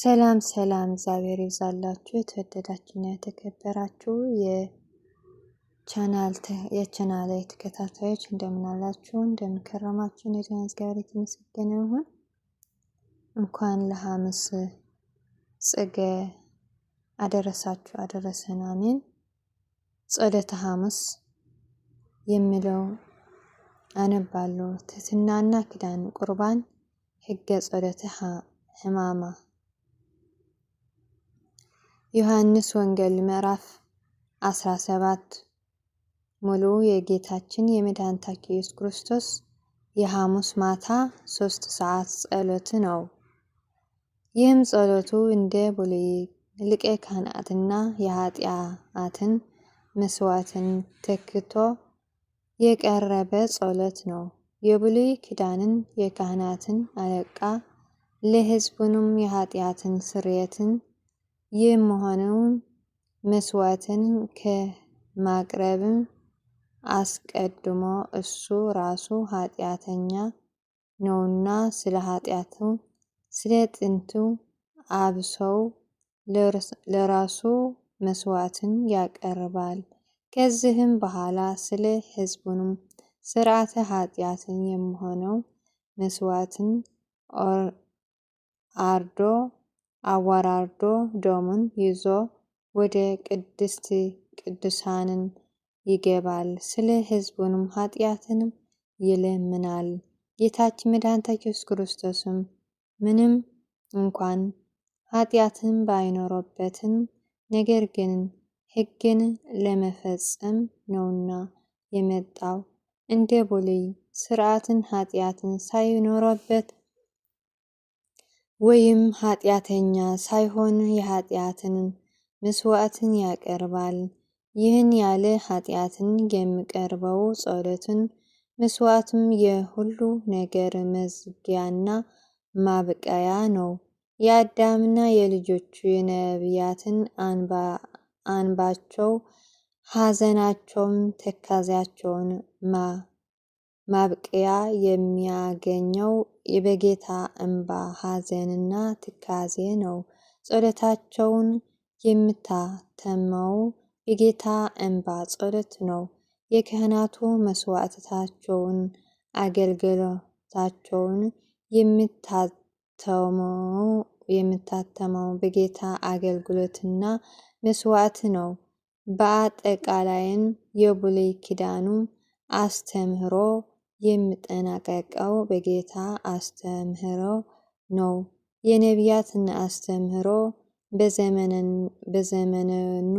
ሰላም ሰላም እግዚአብሔር ይብዛላችሁ። የተወደዳችሁና የተከበራችሁ የቻናል የቻናል ተከታታዮች እንደምን አላችሁ? እንደምን ከረማችሁ? የደህና እግዚአብሔር የተመሰገነ ይሁን። እንኳን ለሐሙስ ጽጌ አደረሳችሁ አደረሰን። አሜን። ጸሎተ ሐሙስ የሚለው አነባለሁ። ትሕትናና ክዳን ቁርባን ህገ ጸሎተ ህማማ ዮሐንስ ወንጌል ምዕራፍ 17 ሙሉ የጌታችን የመድኃኒታችን ኢየሱስ ክርስቶስ የሐሙስ ማታ ሶስት ሰዓት ጸሎት ነው። ይህም ጸሎቱ እንደ ብሉይ ሊቀ ካህናትና የኃጢአትን መስዋዕትን ተክቶ የቀረበ ጸሎት ነው። የብሉይ ኪዳንን የካህናትን አለቃ ለሕዝቡንም የኃጢአትን ስርየትን ይህም መሆኑን መስዋዕትን ከማቅረብም አስቀድሞ እሱ ራሱ ኃጢአተኛ ነውና ስለ ኃጢአቱ ስለ ጥንቱ አብሰው ለራሱ መስዋዕትን ያቀርባል። ከዚህም በኋላ ስለ ህዝቡንም ስርዓተ ኃጢአትን የሚሆነው መስዋዕትን አርዶ አዋራርዶ ደሙን ይዞ ወደ ቅድስት ቅዱሳንን ይገባል። ስለ ሕዝቡንም ኃጢአትንም ይለምናል። ጌታችን መድኃኒታችን ኢየሱስ ክርስቶስም ምንም እንኳን ኃጢአትን ባይኖረበትም ነገር ግን ሕግን ለመፈጸም ነውና የመጣው እንደ ቦልይ ስርዓትን ኃጢአትን ሳይኖረበት ወይም ኃጢአተኛ ሳይሆን የኃጢአትን ምስዋዕትን ያቀርባል። ይህን ያለ ኃጢአትን የሚቀርበው ጸሎትን ምስዋዕትም የሁሉ ነገር መዝጊያና ማብቀያ ነው። የአዳምና የልጆቹ የነቢያትን አንባቸው ሐዘናቸውን፣ ትካዜያቸውን ማብቂያ የሚያገኘው በጌታ እንባ ሐዘንና ትካዜ ነው። ጸሎታቸውን የምታተመው የጌታ እንባ ጸሎት ነው። የካህናቱ መስዋዕታቸውን አገልግሎታቸውን የምታተመው በጌታ አገልግሎትና መስዋዕት ነው። በአጠቃላይም የብሉይ ኪዳኑ አስተምህሮ የምጠናቀቀው በጌታ አስተምህሮ ነው። የነቢያትን አስተምህሮ በዘመኑ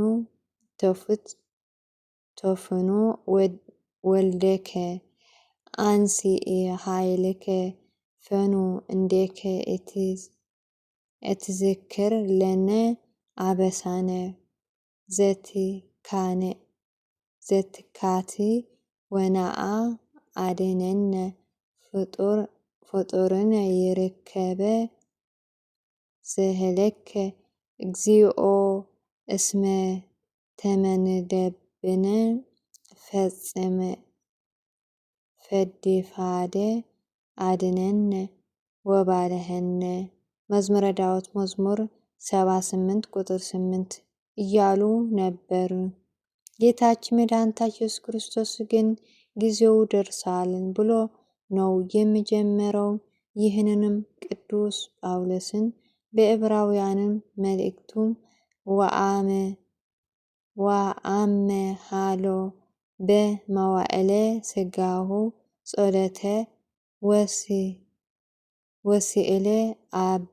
ተፍኑ ወልደከ አንሲ ኃይልከ ፈኑ እንዴከ እትዝክር ለነ አበሳነ ዘትካቲ ወናአ አድነን ፍጡርን ይርከበ ዘህለከ እግዚኦ እስመ ተመንደብነ ፈጽመ ፈዲፋደ አድነን ወባልሐነ መዝሙረ ዳዊት መዝሙር ሰባ ስምንት ቁጥር ስምንት እያሉ ነበር። ጌታችን መድኃኒታችን ኢየሱስ ክርስቶስ ግን ጊዜው ደርሳልን ብሎ ነው የሚጀመረው። ይህንንም ቅዱስ ጳውሎስን በዕብራውያንም መልእክቱም ሃሎ በመዋዕለ ስጋሁ ጸሎተ ወስዕለ አብ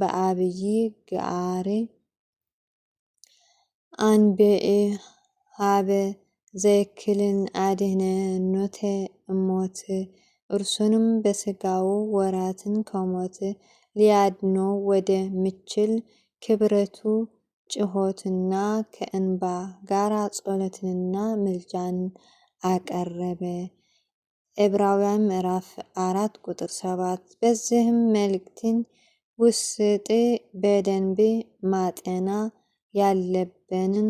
በአብይ ገአሪ አንብዕ ሀበ ዘይክልን አድህነ ኖተ እሞት እርሱንም በስጋው ወራትን ከሞት ሊያድኖ ወደ ምችል ክብረቱ ጭሆትና ከእንባ ጋር ጸሎትንና ምልጃን አቀረበ። ዕብራውያን ምዕራፍ አራት ቁጥር ሰባት በዚህም መልእክትን ውስጥ በደንብ ማጤና ያለብንን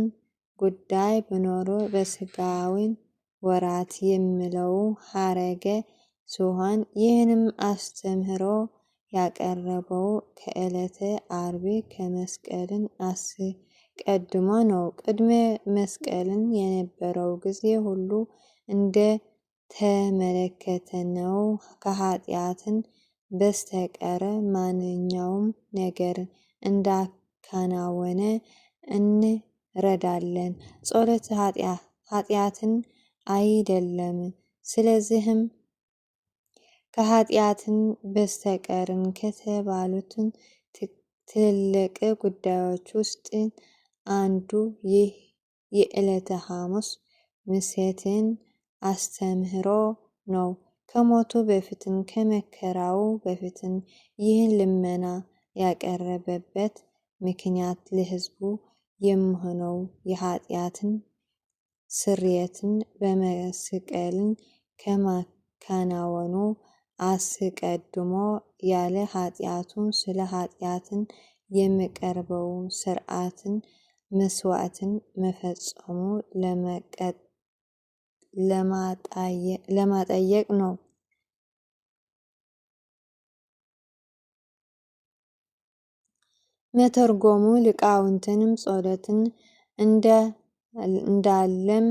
ጉዳይ ብኖሮ በስጋዊን ወራት የሚለው ሀረገ ሲሆን ይህንም አስተምህሮ ያቀረበው ከዕለተ አርቤ ከመስቀልን አስቀድሞ ነው። ቅድመ መስቀልን የነበረው ጊዜ ሁሉ እንደ ነው ከኃጢአትን በስተቀረ ማንኛውም ነገር እንዳከናወነ እንረዳለን። ጸሎት ኃጢአትን አይደለም። ስለዚህም ከኃጢአትን በስተቀርን ከተባሉትን ትልልቅ ጉዳዮች ውስጥ አንዱ ይህ የዕለተ ሐሙስ ምሴትን አስተምህሮ ነው። ከሞቱ በፊትን ከመከራው በፊትን ይህን ልመና ያቀረበበት ምክንያት ለሕዝቡ የምሆነው የኃጢአትን ስርየትን በመስቀልን ከማከናወኑ አስቀድሞ ያለ ኃጢአቱን ስለ ኃጢአትን የሚቀርበው ስርዓትን መስዋዕትን መፈጸሙ ለማጠየቅ ነው። መተርጎሙ ሊቃውንትንም ጸሎትን እንዳለም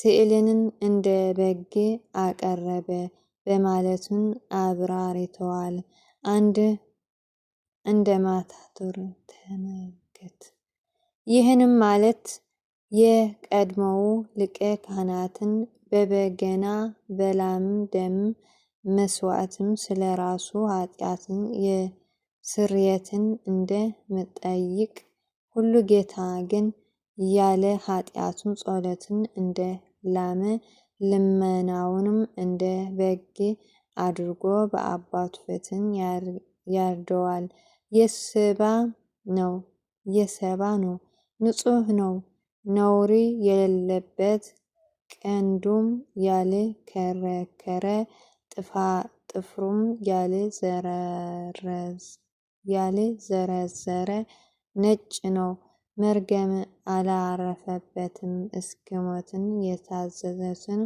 ስዕልንን እንደ በጌ አቀረበ በማለቱን አብራሪተዋል። አንድ እንደ ማታቱር ተመልከት። ይህንም ማለት የቀድሞው ሊቀ ካህናትን በበገና በላም ደም መስዋዕትም ስለ ራሱ ኃጢአትን ስርየትን እንደ መጠይቅ ሁሉ ጌታ ግን ያለ ኃጢአቱን ጸሎትን እንደ ላመ ልመናውንም እንደ በግ አድርጎ በአባቱ ፊትን ያርደዋል። የስባ ነው የሰባ ነው ንጹህ ነው ነውሪ የሌለበት ቀንዱም ያለ ከረከረ ጥፍሩም ያለ ዘረረዝ ያለ ዘረዘረ ነጭ ነው። መርገም አላረፈበትም እስክሞትን የታዘዘትን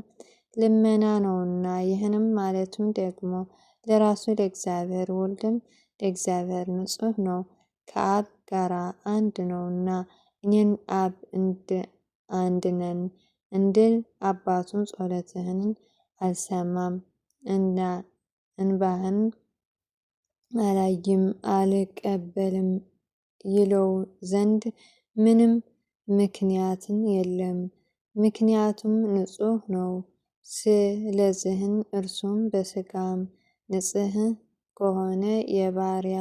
ልመና ነውና ይህንም ማለቱም ደግሞ ለራሱ ለእግዚአብሔር ወልድም ለእግዚአብሔር ንጹህ ነው ከአብ ጋራ አንድ ነውና እኔን አብ እንድ አንድነን እንድል አባቱን ጸሎትህንን አልሰማም እና እንባህን አላይም አልቀበልም ይለው ዘንድ ምንም ምክንያትም የለም። ምክንያቱም ንጹህ ነው። ስለዚህን እርሱም በስጋም ንጽህ ከሆነ የባሪያ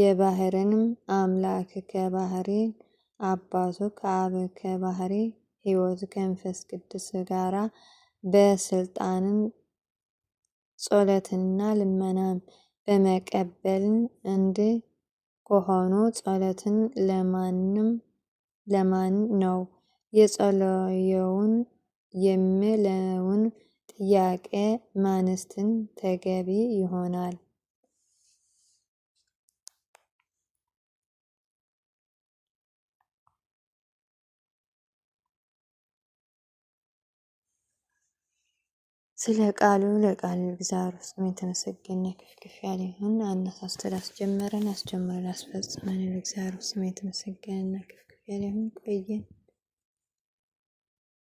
የባህርንም አምላክ ከባህሪ አባቱ ከአብ ከባህሪ ሕይወት ከመንፈስ ቅዱስ ጋራ በስልጣንን ጸሎትንና ልመናን በመቀበል እንድ ከሆኑ ጸሎትን ለማንም ለማን ነው የጸለየውን የምለውን ጥያቄ ማንስትን ተገቢ ይሆናል ስለ ቃሉ ለቃል እግዚአብሔር ስም የተመሰገነ ክፍክፍ ከፍ ያለ ይሁን። አነሳስተን አስጀመረን አስጀምረን አስፈጽመን እግዚአብሔር ስም የተመሰገነ ክፍክፍ ከፍ ያለ ይሁን። ቆየን።